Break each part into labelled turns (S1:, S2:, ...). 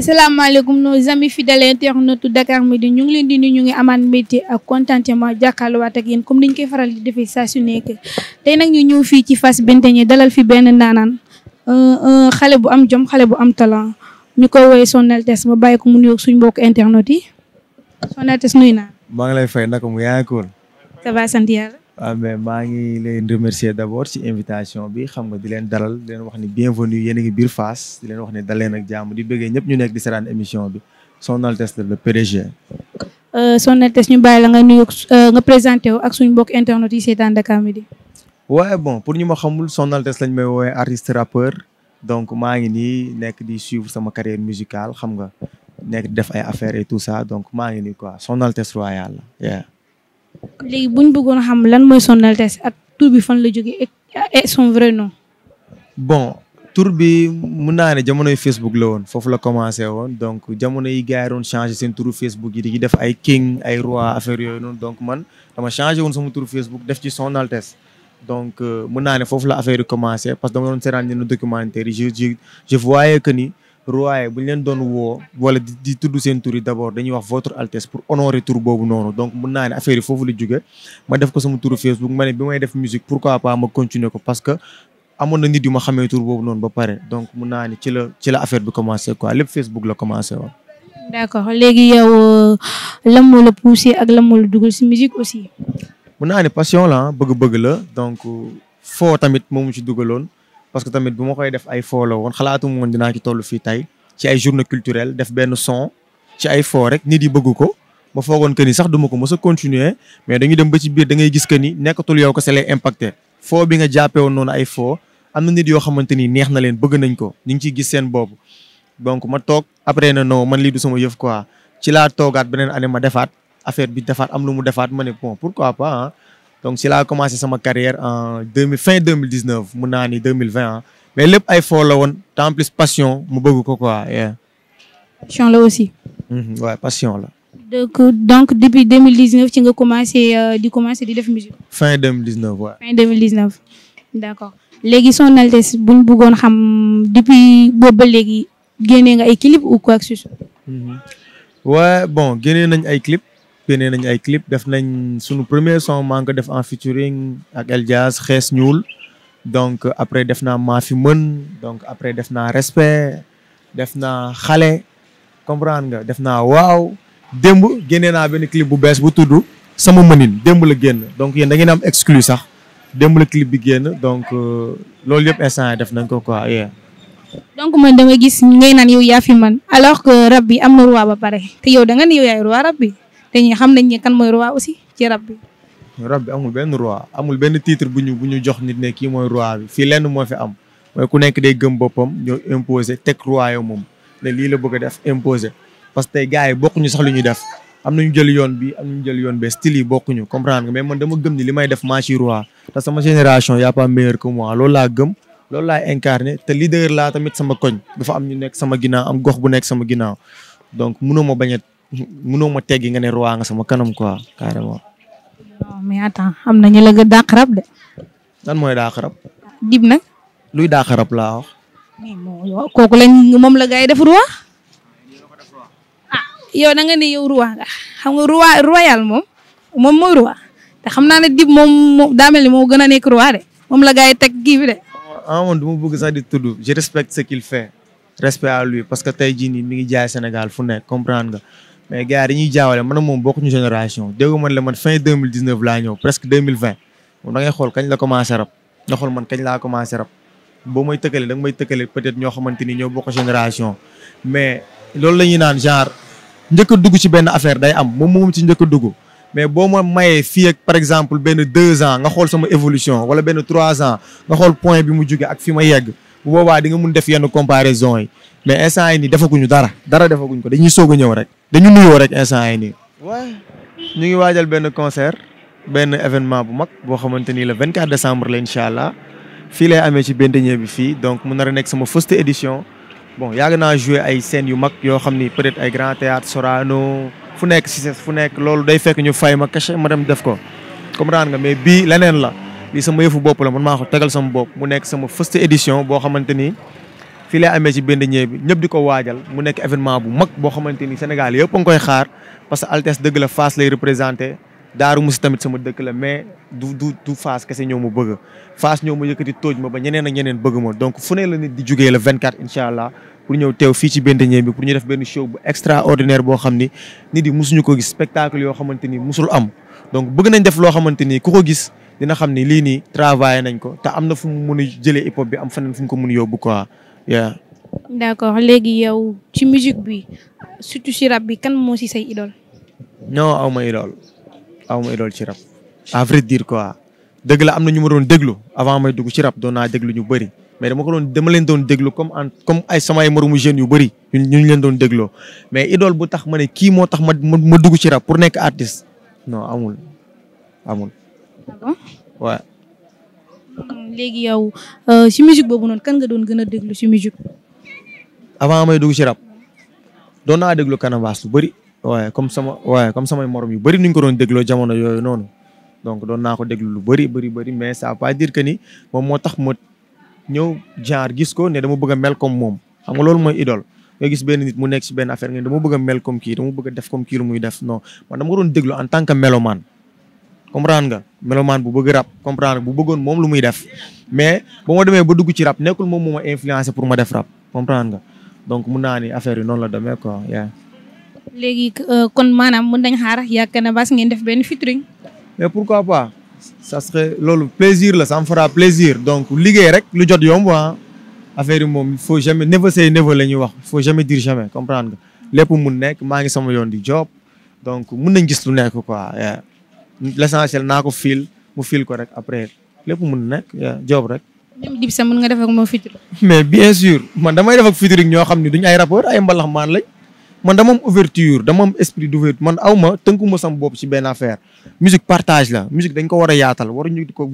S1: asalaamaaleykum nos amis fidèles internautes Dakar Midi ñu ngi leen di nuyu ñu ngi amaat mbégte a contentement jàkkaarloowaat ak yéen comme niñ koy faral di defee saa su nekk tey nag ñu ñëw fii ci Fass Bintéye dalal fi benn ndaanaan euh, euh, xale bu am jom xale bu am talent ñu koy woowee Son Altesse ma bàyyi ko mu nuyoog suñu mbokk internet yi Son nuyu naa.
S2: maa ngi lay fay naka mu yaa ngi ko.
S1: ça va sant yàlla.
S2: waaw ah, mais maa ngi leen remercier d'abord invitation bi xam nga di leen dalal di leen wax ni bienvenue yéen a biir faas di leen wax ni dal leen ak jàmm di bëggee ñëpp ñu nekk di seetaan émission bi Son Altesse le PDG.
S1: Euh, son Altesse ñu bàyyi la nga nuyu euh, nga présenté wu ak suñu mbokk internet yi seetaan Dakar Midi.
S2: waaye bon pour ñu ma xamul Son Altesse lañ may woowee artiste rappeur. donc maa ngi nii nekk di suivre sama carrière musicale xam nga nekk di def ay affaires et tout ça donc maa ngi nii quoi Son Altesse Royale la.
S1: léegi bu ñu bëggoon xam lan mooy Son Altesse ak tur bi fan la jógee et son vrai nom.
S2: bon tur bi mun naa ne jamonoy Facebook la woon foofu la commencé woon donc jamono yi gars yi doon changé seen turu Facebook yi di def ay king ay roi affaire yooyu noonu donc man dama changé woon sama turu Facebook def ci Son Altesse. donc euh, mën naa ne affaire yi parce que dama doon je je je voyais que ni royaume wala di di tudd seen tur yi votre altesse pour honorer tur boobu noonu donc mën affaire yi foofu la ma def ko sama turu Facebook ma ne bi may def musique pourquoi pas ma continuer ko parce que amoon na nit yu ma xamee tur boobu noonu ba pare donc mën ci la affaire bi commencé quoi la commencé waaw.
S1: d' accord léegi yow euh, lan moo la la dugal si musique
S2: mun naa ne passion la bëgg-bëgg la donc foo tamit moomu ci dugaloon parce que tamit bu ma koy def ay foo la woon xalaatu moon dinaa ci toll fii tey ci ay journée culturelle def benn son ci ay foo rek nit yi bëgg ko ma foogoon que ni sax duma ko mës a continuer mais dañu dem ba ci biir da ngay gis que ni nekkatul yow ko se lay bi nga jàppee woon ay foo am na nit yoo xamante ni neex na leen bëgg nañ ko ñu ngi ciy gis seen bopp donc ma toog après na non man lii du sama yëf quoi ci laa toogaat beneen année ma defaat affaire bi defaat am lu mu defaat ma ne bon pourquoi pas ah donc si laa commencé sama carrière en deux mille fin deux mille ni deux mille vingt mais lépp ay foo la woon te en passion mu bëggu ko quoi.
S1: passion la aussi.
S2: waaw mhm, passion la.
S1: donc donc depuis deux mille dix neuf ci nga commencé euh, di commencé di def musique.
S2: fin deux mille dix neuf waaw.
S1: fin deux mille léegi Son Altesse bu ñu bëggoon xam depuis boobu ba léegi génnee nga ay clip ou quoi que ce soit. Mhm.
S2: bon génnee nañ ay clip. génnee nañ ay clip def nañ suñu premier son maa ngi ko def en featuring ak El Diaz xees ñuul donc après def naa maa fi mën donc après def naa respect def naa xale comprendre nga def naa waaw démb génnee naa benn clip bu bees bu tudd sama mënin démb la génn donc yéen da ngeen am exclu sax démb la clip bi génn donc euh, loolu yëpp instant def nañ ko quoi yeah.
S1: donc man dama gis ngay naan yow yaa fi man alors que rab am na roi ba pare te yow da yow yaay roi rab bi. te ñi xam nañ ne kan mooy roi aussi ci rab bi.
S2: rab bi amul benn roi amul benn titre bu ñu bu ñu jox nit ne kii mooy roi bi fii lenn moo fi am mooy ku nekk day gëm boppam ñoo imposé teg roi yo moom ne lii la bëgg a def imposé. parce que tey gars yi bokkuñu sax lu ñu def am nañu jël yoon bi am nañu jël yoon bee style yi bokkuñu comprendre nga mais man dama gëm ni li may def maa ci roi te sama génération y a pas meilleur que moi loolu laa gëm loolu la incarné te lii leader laa tamit sama koñ dafa am ñu nekk sama ginnaaw am gox bu nekk sama ginnaaw donc mënuma bañ a mënoo ma teggi nga ne roi nga sama kanam quoi carrément.
S1: waaw mais na ñu la gën rab de.
S2: lan mooy dàq rab. dib nag. luy dàq rab laa wax.
S1: kooku lañ moom la gars yi def roi. ah yow da nga ne yow nga xam nga royal moom moom mooy roi te xam naa ne dib moom moom daa mel ni moo gën a nekk roi de moom la gars yi teg kii bi de.
S2: Ah, bëgg sax di tudd je respecte ce fait respect à lui parce que tey jii nii mi ngi jaay Sénégal fu nekk comprendre nga. mais gars yi dañuy jaawale man moom bokkuñu génération dégg man la man fin deux mille dix neuf laa ñëw presque deux mille vingt moom da ngay xool kañ la commencé rap nga xool man kañ laa commencé rap boo may tëkkale da mais loolu la ñuy naan genre njëkk dugg ci benn affaire day am moom moom ci njëkk a dugg mais boo ma mayee fii ak par exemple benn deux ans nga xool sama évolution wala benn trois ans nga xool point bi mu jugee ak fi ma yegg bu boobaa di nga mun def yenn comparaison yi mais instant yi nii defaguñu dara dara defaguñ ko dañuy soog a ñëw rek dañu nuyoo rek instant yi nii. waaw ñu ngi waajal benn concert benn événement bu mag boo xamante ni le 24 décembre la incha allah fii lay amee ci Bendeñe bi fii donc mu nar nekk sama first édition bon yàgg naa jouer ay scènes yu mag yoo xam ni peut-être ay grand théâtre Sorano nekk si fu nekk loolu day fekk ñu fay ma cachet ma dem def ko comprendre nga mais bii leneen la lii sama bopp la man maa ko tegal sama bopp mu nekk sama first édition boo xamante ni. fii lay amee ci benn ñee bi ñëpp di ko waajal mu nekk événement bu mag boo xamante ni Sénégal yëpp a koy xaar parce que Altesse dëgg la Fass lay représenté Daaru Musi tamit sama dëkk la mais du du du Fass kese ñëw ma bëgg Fass ñoo ma yëkkati tóoj ma ba ñeneen ak ñeneen bëgg ma donc fu ne la nit di jugee le 24 incha allah pour ñëw teew fii ci benn ñee bi pour ñu def benn show bu extraordinaire boo xam ni nit di mosuñu ko gis spectacle yoo xamante ni mosul am donc bëgg nañ def loo xamante ni ku ko gis dina xam ni lii nii travaillé nañ ko te am na fu mu mën a jëlee hip bi am feneen fu ko mën yóbbu quoi yaa
S1: d'accord léegi yow ci musique bi surtout ci rab bi kan moo si say idole
S2: non aw ma idole aw ma idole ci rap à diir dire quoi la am na ñu ma doon déglu avant may dugg ci rab doon naa déglu ñu bëri mais moo ko doon dama leen doon déglu comme en comme ay samay moromu jeunes yu bëri ñu leen doon dégloo mais idole bu tax ma ne kii moo tax ma ma dugg ci rap pour nekk artiste non amul amul.
S1: léegi yow euh, si musique boobu noonu kan nga doon gën a déglu si musique.
S2: avant may dugg si rab doon naa déglu Canavas lu bëri. waaye comme sama waaye comme samay morom yu bëri ni ñu ko doon dégloo jamono yooyu noonu donc doon naa ko déglu lu bëri bëri bëri mais ça veut pas dire que ni moom moo tax ma ñëw genre gis ko ne dama bëgg a mel comme a mel comme kii dama bëgg a def comme kii lu muy def non man dama ko doon déglu en tant que mélomane comprendre nga melomaan bu bëgg rap comprendre bu bëggoon moom lu muy def mais ba ma demee ba dugg ci rap nekkul moom moo ma pour ma def rab comprendre nga donc mun naa ni affaire yi noonu la demee ko yeah.
S1: léegi euh, kon maanaam mën nañ xaar yaakaar na bas ngeen def benn featuring.
S2: mais pourquoi pas ça que loolu plaisir la ça me fera plaisir donc liggéey rek lu jot yomb ah affaire yi moom il faut jamais never say never la ñuy wax il faut jamais dire jamais comprendre nga nekk maa ngi sama yoon di job donc mun nañ gis lu nekk quoi. l'essentiel naa ko fiil mu fiil ko rek après lépp mun nekk job rek.
S1: ñoom Dibsa mën nga def ak moom
S2: mais bien sûr man damay def ak featuring ñoo xam ne duñ ay rappeur ay mbalaxmaan man dama am ouverture dama am esprit d'ouverture man aw ma tënkuma sama bopp ci benn affaire musique partage la musique dañ ko war a yaatal waruñu di ko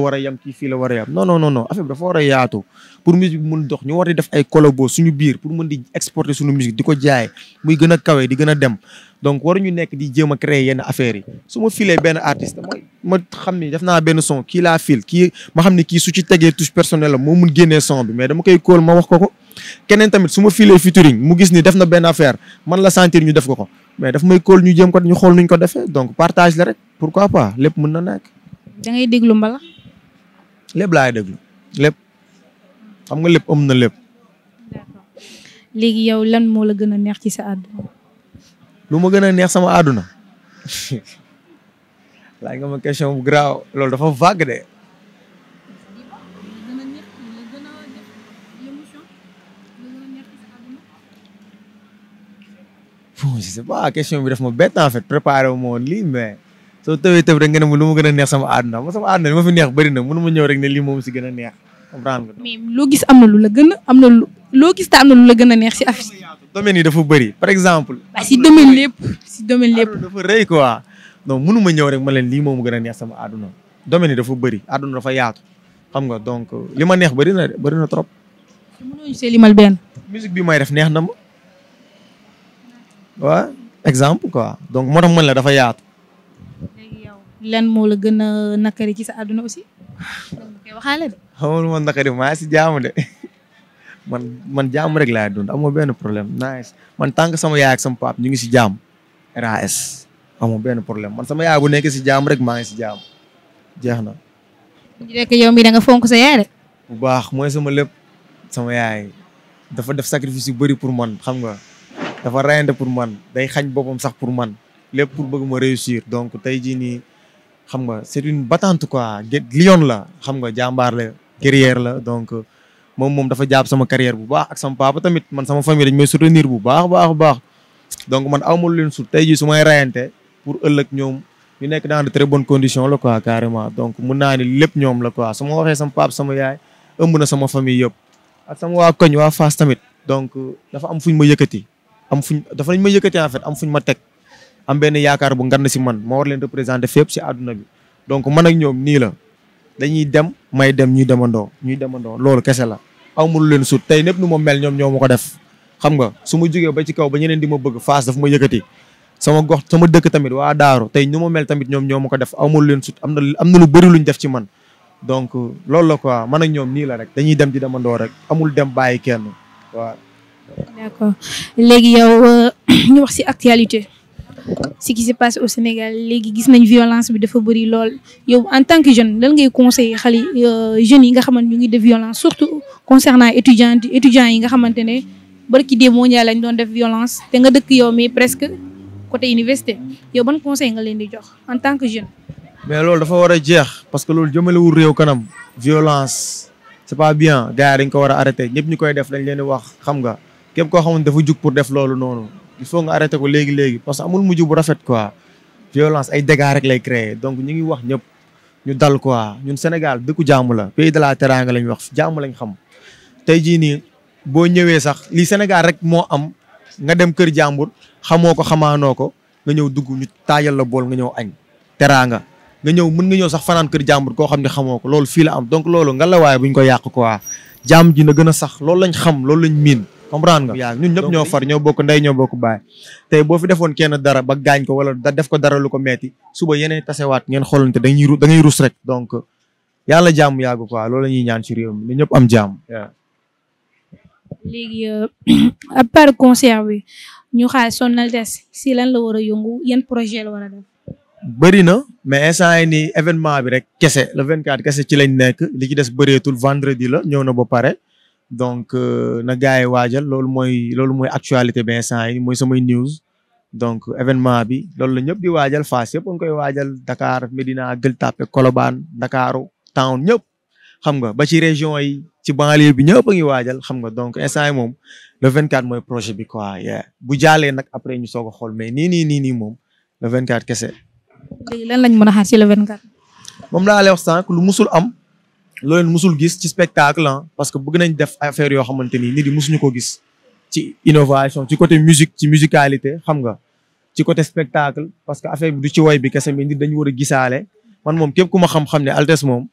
S2: war a yem kii fii la war a a yaatu pour musique bi mun dox ñu biir pour mun di exporter suñu musique di ko jaay muy gën a kawe di gën a dem donc waruñu nekk di jéem a créer yenn affaire yi su ma filee benn artiste ma xam naa benn son kii laa fil kii ma xam ni kii su ci tegee touche personnelle la moo mun génnee son bi mais dama koy kóol ma wax ko ko keneen tamit suma ma filee featuring mu gis ni def na benn affaire man la sentir ñu def ko ko mais dafa may kóol ñu jëm ko ñu xool nuñ ko defee donc partage la rek pourquoi pas lépp mën na nekk.
S1: da ngay déglu mbala.
S2: lépp laay déglu lépp xam nga lépp am na lépp.
S1: léegi yow lan moo la gën a neex ci sa àdduna.
S2: lu ma gën a neex sama àdduna. laaj nga ma question bu graaw loolu dafa vague de. bon question bi daf ma bett en fait préparé wu lii mais soo tawee tëb rek nga ne ma lu ma gën a neex sama àdduna ma sama ma fi neex bëri na mënu a neex na lu la
S1: a na lu loo la gën a neex si affaire yi.
S2: domaine yi par exemple.
S1: si domaine lépp
S2: si domaine lépp. dafa rëy quoi non mënu ma ñëw rek ma leen lii moom gën a neex sama àdduna domaine yi dafa bëri àdduna dafa yaatu xam nga donc li ma neex bëri na bëri na trop.
S1: mënoo ñu see limal benn.
S2: musique bi may def neex na ma waa exemple quoi donc moo tax mën la dafa yaatu.
S1: léegi yow lan moo la gën a nakari ci sa àdduna aussi. waxaale de.
S2: xamul ma nakari maa si jaamu de man man jaamu rek laay dund moo benn problème man tant sama yaay ak sama pap ñu ngi si jaam RAS amoo benn problème man sama yaay bu nekk si jaam rek maa ngi si jaam jeex na.
S1: ñu nekk yow mii da nga fonk sa yaay de.
S2: bu baax mooy sama lépp sama yaay dafa def sacrifice yu bëri pour man xam nga. dafa rayante pour man day xañ boppam sax pour man lépp pour bëgg ma réussir donc tey jii nii xam nga c'est une battante quoi lion la xam nga jàmbaar la carrière la donc moom moom dafa jàpp sama carrière bu baax ak sama papa tamit man sama famille dañ may bu baax baax baax donc man awma leen sut tey jii su may rayante pour ëllëg ñoom ñu nekk dans de très bonnes conditions la quoi donc mun naa ni lépp ñoom la quoi su ma waxee sama sama yaay ëmb na sama famille yëpp ak sama waa koñ waa Fass tamit donc dafa am fuñ ma yëkkati am fuñ dafa nañ ma yëkkatee en am fuñ ma teg am benn yaakaar bu ngan si man ma war leen représenté fépp si àdduna bi donc man ak ñoom nii la dañuy dem may dem ñuy demandoo ñuy demandoo loolu kese la amul leen sut tey népp nu ma mel ñoom ñoo ma ko def xam nga su ma jógee ba ci kaw ba ñeneen di ma bëgg faas daf ma yëkkati sama gox sama dëkk tamit waa daaru tey ñu ma mel tamit ñoom ñoo ma ko def amul leen sut am na am na lu bëri luñ def ci man donc loolu la quoi man ak ñoom nii la rek dañuy dem di demandoo rek amul dem bàyyi kenn waaw
S1: accord léegi yow euh, ñu wax ci actualité ce qui se passe au Sénégal léegi gis nañ violence bi dafa bëri lool yow en tant que jeune lan ngay conseiller xale euh, jeunes yi nga xamante ñu ngi def violence surtout concernant étudiant étudiants yi nga xamante ne barki dee moo lañ doon def violence te nga dëkk yow mi presque côté université yow ban conseil nga leen di jox en tant que jeune.
S2: mais loolu dafa war a jeex parce que loolu jëmalewul réew kanam violence c'est pas bien gars yi dañ ko war a arrêter ñëpp ñu koy def lañ leen di wax xam nga. képp koo xamante dafa jug pour def loolu noonu il faut nga arrêté ko léegi léegi parce que amul mujj bu rafet quoi violence ay dégâts rek lay créer donc ñu ngi wax ñëpp ñu dal quoi ñun Sénégal dëkku jàmm la pays de la teranga lañ wax jàmm lañ xam tey jii nii boo ñëwee sax lii Sénégal rek moo am nga dem kër jàmbur xamoo ko xamaanoo ko nga ñëw dugg ñu taajal la bool nga ñëw añ teraanga nga ñëw mun nga ñëw sax fanaan kër jàmbur koo xam ne xamoo ko loolu fii la am donc loolu nga la waaye buñ ko yàq quoi jàmm ji na gën a sax loolu lañ xam loolu lañ miin comprendre nga ñun ñëpp ñoo far ñoo bokk ndey ñoo bokk baay tey boo fi defoon kenn dara ba gaañ ko wala da def ko dara lu ko metti suba yeneen waat ngeen xoolante dañuy ru da ngay rus donc yàlla jàmm yàggu quoi loolu la ñuy ñaan ci réew mi ne ñëpp am jàmm
S1: léegi euh, à part concert bi ñu xaar Sonaltes si lan la war a yëngu yan projet la war a def
S2: bëri na mais essan yi événement bi rek kese la le 24 kese ci lañ nekk li ci des bëreetul vendredi la ñëw na ba pare donc euh, na gars yi waajal loolu mooy loolu mooy actualité bi instant yi mooy samay news donc événement bi loolu la ñëpp di waajal fa yëpp a koy waajal Dakar Médina Gueule Tapée Colobane Dakaru town ñëpp xam nga ba ci région yi ci banlieue bi ñëpp a waajal xam nga donc instant yi moom le 24 mooy projet bi quoi yeah bu jaale nag après ñu soog xol xool mais nii nii nii nii moom le 24 kese. léegi laa lay wax lu musul am. loo leen musul gis ci spectacle ah, parce que bëgg nañ def affaire yoo xamante ni nit yi musuñu ko gis ci innovation ci côté musique ci musicalité xam nga ci côté spectacle parce que affaire bi du ci woy bi kese mi nit dañu war a gisaale man moom képp ku ma xam-xam ne Altesse moom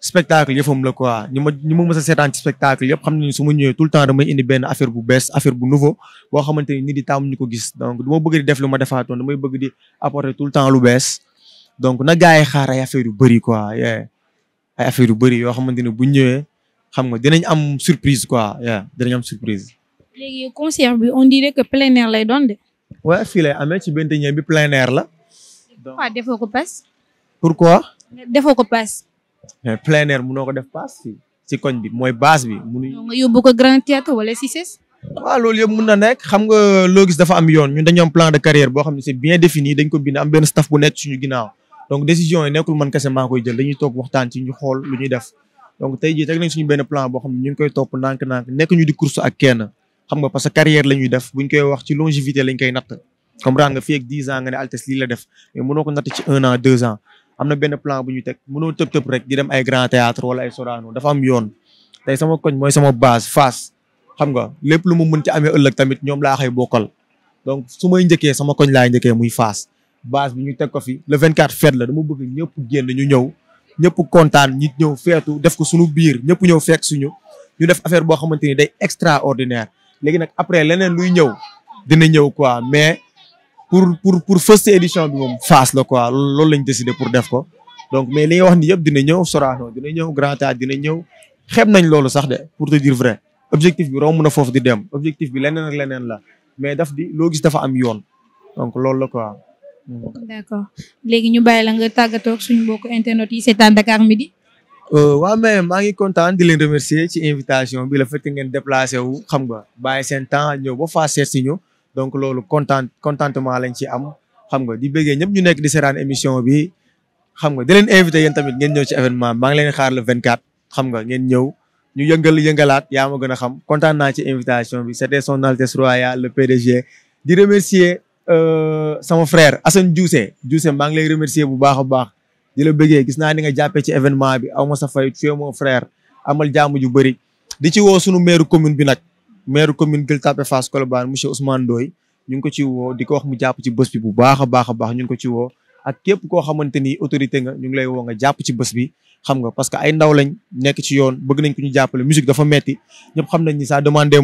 S2: spectacle yëfam la quoi ñu ma ñu ma mës a seetaan ci spectacle yëpp xam nañu su ma ñëwee tout le temps damay indi benn affaire bu bees affaire bu nouveau boo xamante ni nit yi taamu ñu ko gis donc du ma bëgg di def lu ma defaatoon may bëgg di apporter tout le temps lu bees donc na gars yi xaar affaire yu bëri quoi ay affaire yu bëri yoo xamante ne bu ñëwee xam nga danañ am surprise quoi yeah dinañ am surprise.
S1: léegi concert bi on dirait que plein lay doon de.
S2: waaw fii lay amee ci benn ñebe bi la.
S1: donc waaw defoo ko pass. pourquoi. defoo ko pass.
S2: mais plein air ko def pass fii ci koñ bi mooy base bi. mënuñ
S1: nga yóbbu ko grand théâtre wala CICES. waaw loolu yëpp
S2: mun na nekk xam nga loo gis dafa am yoon ñun dañu plan de carrière boo xam ne c'est bien défini dañ ko bind am benn staff bu nekk ñu ginnaaw. donc décision yi nekkul man kese maa koy jël dañuy toog waxtaan ci ñu xool lu ñuy def donc tey jii teg nañ suñu benn plan boo xam ne ñu ngi koy topp ndànk-ndànk nekk ñu di course ak kenn xam nga parce que carrière la ñuy def buñ koy wax ci longévité lañ koy natt comprendre nga fii ak 10 ans nga ne Altès lii ko natt ci am na benn bu ñu teg mënoo tëb tëb rek di dem ay grand théâtre wala ay Sorano dafa am yoon tey sama koñ mooy sama base face xam nga lépp lu mu mun ci amee ëllëg tamit ñoom laa xay bokkal donc su may njëkkee sama koñ laay njëkkee muy face base bi ñu teg ko fi le 24 fête la dama bëgg ñëpp génn ñu ñëw ñëpp kontaan ñi ñëw feetu def ko suñu biir ñëpp ñëw fekk suñu ñu def affaire boo xamante ni day extraordinaire léegi nag après leneen luy ñëw dina ñëw quoi mais pour pour pour first édition bi moom Fass la quoi loolu lañ décidé pour def ko donc mais li nga wax ni yëpp dina ñëw Sorano dina ñëw Grand Théâtre dina ñëw xeeb nañ loolu sax de pour te dire vrai objectif bi romb na foofu di dem objectif bi leneen ak leneen la mais daf di loo dafa am yoon
S1: Mm. d'accord léegi ñu bàyyi la nga tàggatoog suñu mbokku internet yi seetaan Dakar midi.
S2: Euh, waaw mais maa ngi kontaan di leen remercier ci invitation bi la fekk ngeen déplacé wu xam nga bàyyi seen temps ñëw ba faa seet si ñu donc loolu content contentement lañ ci am xam nga di bëggee ñëpp ñu nekk di seetaan émission bi xam nga di leen invité yéen tamit ngeen ñëw ci événement maa ngi leen xaar le 24 xam nga ngeen ñëw. ñu yëngal yëngalaat yaa ma gën a xam kontaan naa ci invitation bi c'était son Altesse Royale le PDG di remercier Euh, sama frère Assane Diousé Diousé maa ngi lay remercier bu baax a baax di la bëggee gis naa ni nga jàppee ci événement bi aw a sa fay tu es mon frère amal jaamu ju bëri di ci woo sunu maire commune bi nag maire commune Gueule Tapée Fass Colobane monsieur Ousmane Ndoye ñu ngi ko ci woo di ko wax mu jàpp ci bés bi bu baax a baax a baax ñu ngi ko ci woo ak képp koo xamante ni autorité nga ñu ngi lay woo nga jàpp ci bés bi xam nga parce que ay ndaw lañ nekk ci yoon bëgg nañ ku ñu jàppale musique dafa metti ñëpp xam nañ ni ça demande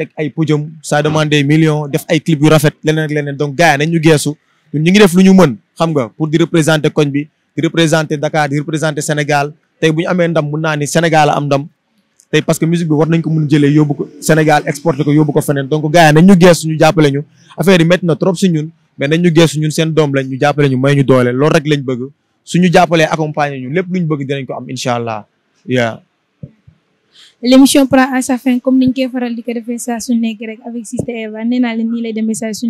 S2: teg ay podium ça demande des millions def ay clip yu rafet leneen ak leneen donc gars yi geesu ñun ñu ngi def lu ñu mën xam nga pour di représenté koñ bi di représenter Dakar di représenter Sénégal tey bu ñu amee ndam mun naa ni Sénégal am ndam tey parce que musique bi war nañ ko mun jëlee yóbbu ko Sénégal exporté ko yóbbu ko feneen donc gars yi ñu geesu ñu jàppale ñu affaire yi na trop ñun mais nañ ñu seen doom lañ jàppale ñu may ñu doole loolu rek lañ bëgg suñu jàppalee accompagner ñu lépp luñ bëgg dinañ ko am incha
S1: l'émission prend à sa fin comme niñ koy faral di ko defee saa su nekk rek avec Sister Eva nee naa leen lay demee saa su